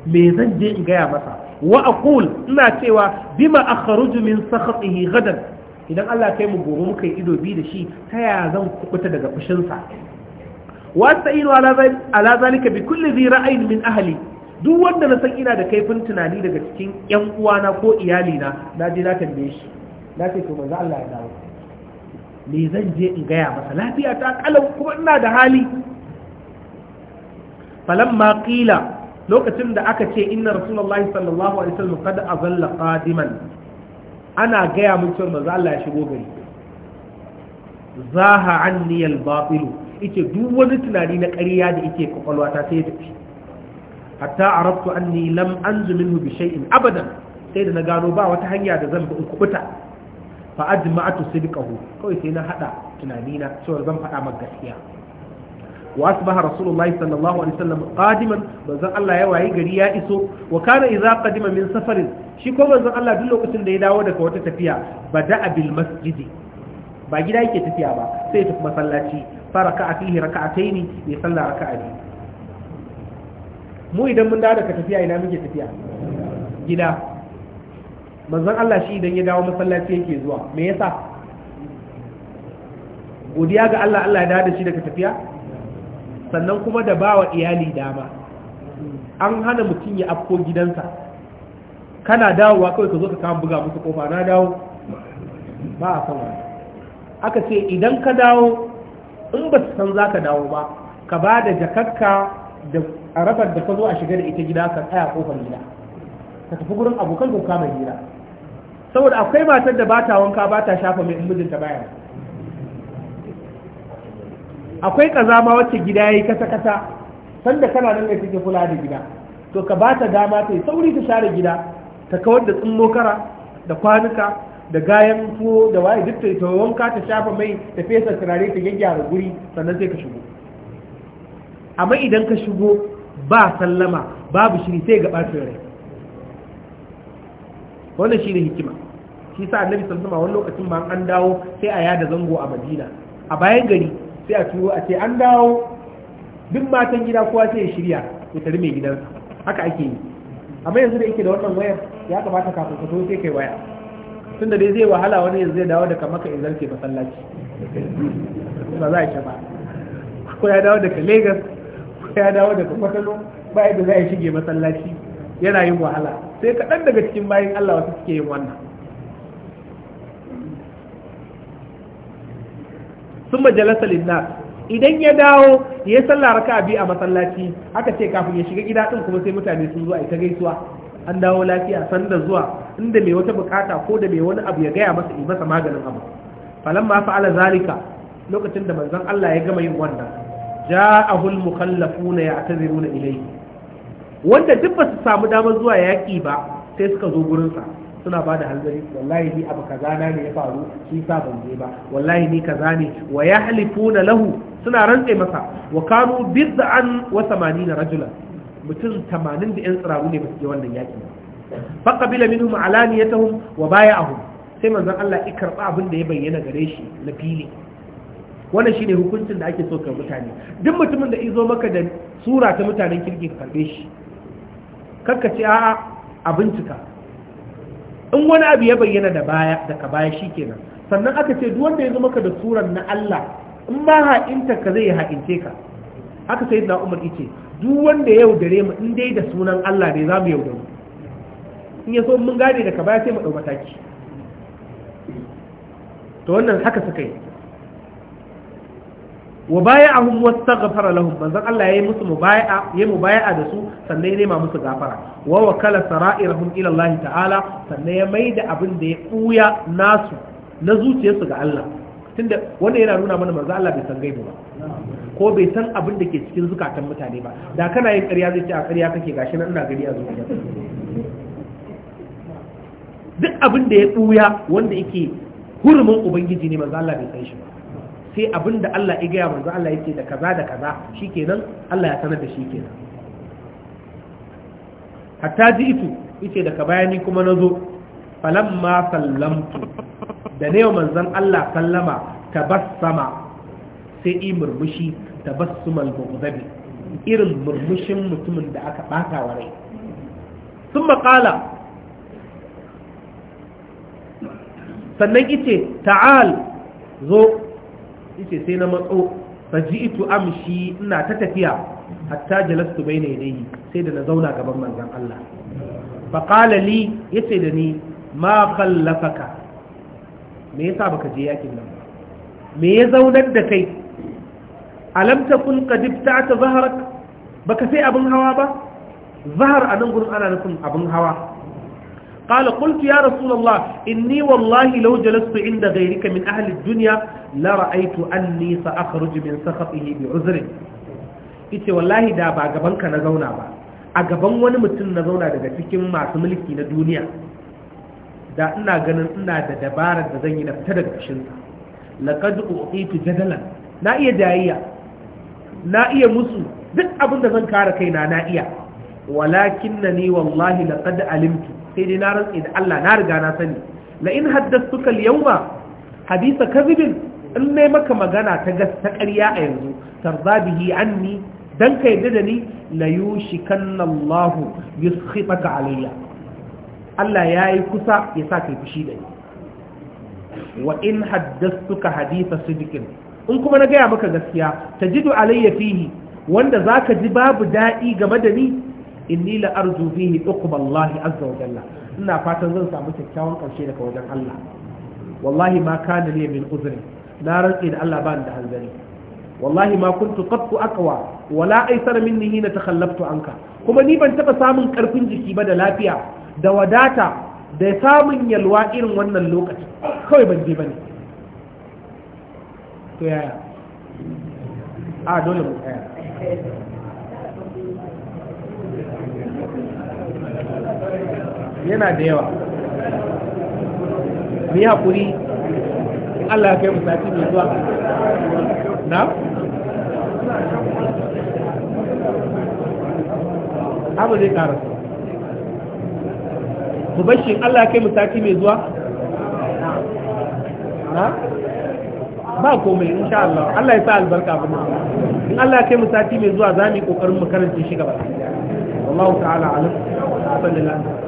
me zan je in gaya masa wa kul ina cewa bima akhruju min sakhatihi gadan idan Allah kai mu gobe muka yi ido bi da shi ta ya zan kubuta daga fushinsa wa sa'inu ala zalika bi kulli dhi ra'ayin min ahli duk wanda na san ina da kaifin tunani daga cikin yan uwana ko iyalina na je na tambaye shi na ce to manzo Allah ya dawo me zan je in gaya masa lafiya ta kalau kuma ina da hali falamma qila lokacin da aka ce inna rasulullahi sallallahu alaihi wasallam kada azalla qadiman ana gaya mun cewa manzo Allah ya shigo gari zaha anni al-batil yace duk wani tunani na ƙarya da yake kwakwalwa ta sai ya tafi hatta arabtu anni lam anzu bishai in abadan sai da na gano ba wata hanya da zan bi kubuta fa ajma'atu sidqahu kawai sai na hada tunanina na cewa zan faɗa maka gaskiya wa asbaha rasulullahi sallallahu alaihi wasallam qadiman manzon Allah ya wayi gari ya iso wa kana idza qadima min safarin shi ko manzon Allah duk lokacin da ya dawo daga wata tafiya bada'a bil masjidi ba gida yake tafiya ba sai ya tafi masallaci faraka fihi raka'ataini ya salla raka'a biyu mu idan mun dawo daga tafiya ina muke tafiya gida manzon Allah shi idan ya dawo masallaci yake zuwa me yasa godiya ga Allah Allah ya dawo da shi daga tafiya sannan kuma da bawa iyali dama an hana mutum ya afko gidansa kana dawowa kawai ka zo ka kama buga musu kofa na dawo ba a san aka ce idan ka dawo in ba su san za ka dawo ba ka ba da jakakka da arabar da ka zo a shiga da ita gida ka tsaya kofar gida ka tafi gurin abokan ko kama gida saboda akwai matar da ba ta wanka ba ta shafa mai ta baya akwai kazama wacce gida yayi kasa kasa sanda kana nan ne kike kula da gida to ka ba ta dama ta sauri ta share gida ta kawar da tsinno kara da kwanuka da gayan tuwo da waye duk ta wanka ta shafa mai ta fesa turare ta gyaggyara guri sannan sai ka shigo amma idan ka shigo ba sallama babu shiri sai ga bacin rai wannan shi ne hikima shi sa annabi sallama wani lokacin ma an dawo sai a yada zango a madina a bayan gari sai a turo a ce an dawo duk matan gida kowa sai ya shirya ya tari mai gidansa haka ake yi amma yanzu da yake da wannan wayar ya kamata kafin ka so sai kai waya tun da dai zai wahala wani yanzu zai dawo da kamaka in zarce masallaci ba za a ce ba ko ya dawo daga lagos sai ya dawo daga kwatano ba yadda za a shige masallaci yana yin wahala sai kaɗan daga cikin bayan Allah wasu suke yin wannan sun majalasa linnas idan ya dawo ya sallah raka biyu a masallaci aka ce kafin ya shiga gida ɗin kuma sai mutane sun zuwa ita gaisuwa an dawo lafiya sanda zuwa inda mai wata bukata ko da mai wani abu ya gaya masa yi masa maganin abu ma fa'ala zalika lokacin da manzon Allah ya gama yin wannan ja'ahul mukallafuna na ilayhi wanda duk ba su samu damar zuwa yaƙi ba sai suka zo gurinsa suna ba da hanzari wallahi ni abu kaza na ne ya faru shi sa ban je ba wallahi ni kaza ne wa yahlifuna lahu suna rantse masa wa kanu bid'an wa 80 rajulan mutum 80 da yan tsiraru ne ba su je wannan yaƙi ba fa qabila minhum alaniyatahum wa bay'ahum sai manzon Allah ya karba abin da ya bayyana gare shi na fili wannan shine hukuncin da ake so ka mutane duk mutumin da izo maka da sura ta mutanen kirki ka karbe shi kakka ce a'a a bincika in wani abu ya bayyana da baya daga baya shikenan sannan aka ce duk wanda ya zo maka da suran na Allah in ha inta ka zai haƙince ka haka sai da Umar yace duk wanda ya yaudare mu in dai da sunan Allah ne za mu yaudare in ya so mun gane daga baya sai mu dauka mataki to wannan haka suka yi wa bay'ahum wastaghfara lahum manzon Allah yayi musu mubay'a yayi mubay'a da su sannan ya nema musu gafara wa wakala sara'irahum ila Allah ta'ala sannan ya maida abin da ya ɓuya nasu na zuciyarsu ga Allah tunda wanda yana nuna mana manzon Allah bai san gaibu ba ko bai san abin da ke cikin zukatan mutane ba da kana yin ƙarya zai ce a ƙarya kake gashi nan ina gari a zuciya duk abin da ya ɓuya wanda yake hurumin ubangiji ne manzo Allah bai san shi ba sai abin da Allah ya gaya manzo Allah yake da kaza da kaza shikenan Allah ya sanar da shi kenan hatta ji'tu yace daga bayani kuma nazo falamma sallamtu da ne manzon Allah sallama tabassama sai i murmushi tabassumal mughdabi irin murmushin mutumin da aka bata wa rai sun maƙala sannan ice ta'al zo yace sai na matso faji'tu amshi ina ta tafiya hatta jalastu baina yadayhi sai da na zauna gaban manzon Allah fa qala li yace da ni ma khallafaka me yasa baka je yakin nan me ya zaunar da kai alam takun qad ibta'ta zahrak baka sai abin hawa ba zahar anan gurin ana nufin abin hawa قال قلت يا رسول الله إني والله لو جلست عند غيرك من أهل الدنيا لرأيت أني سأخرج من سخطه بعذر إتي والله دا با نزونا با أغبان wani mutum na zauna daga cikin masu mulki na duniya da ina ganin ina da dabarar da zan yi na fita daga cikinsa laqad uqitu jadalan na iya jayayya na iya musu duk abin da zan kare kai na iya walakin ni wallahi laqad alimtu sai dai na rantsi da Allah na riga na sani la in haddastuka al-yawma hadisa kadhibin in ne maka magana ta ta ƙarya a yanzu tarza bihi anni dan ka yadda da ni la yushikanna Allah yuskhitaka alayya Allah yayi kusa ya sa kai fushi da ni wa in haddastuka hadisa sidqin in kuma na gaya maka gaskiya tajidu alayya fihi wanda zaka ji babu daɗi game da ni inni la arju fihi uqballahi azza wa jalla ina fatan zan samu kyakkyawan karshe daga wajen Allah wallahi ma kana li min uzri na rantsi da Allah ba da hanzari wallahi ma kuntu qattu aqwa wala aysara minni hina takhallaftu anka kuma ni ban taba samun karfin jiki ba da lafiya da wadata da samun yalwa irin wannan lokacin kawai ban je bane to yaya a dole mu tsaya yana da yawa mu ya haƙuri Allah ya kai mu sati mai zuwa na abu zai ƙara mu bashi Allah ya kai mu sati mai zuwa na ba komai insha Allah Allah ya sa albarka kuma in Allah ya kai mu sati mai zuwa za mu yi ƙoƙarin mu karanta shi gaba ta'ala تعالى على صلى الله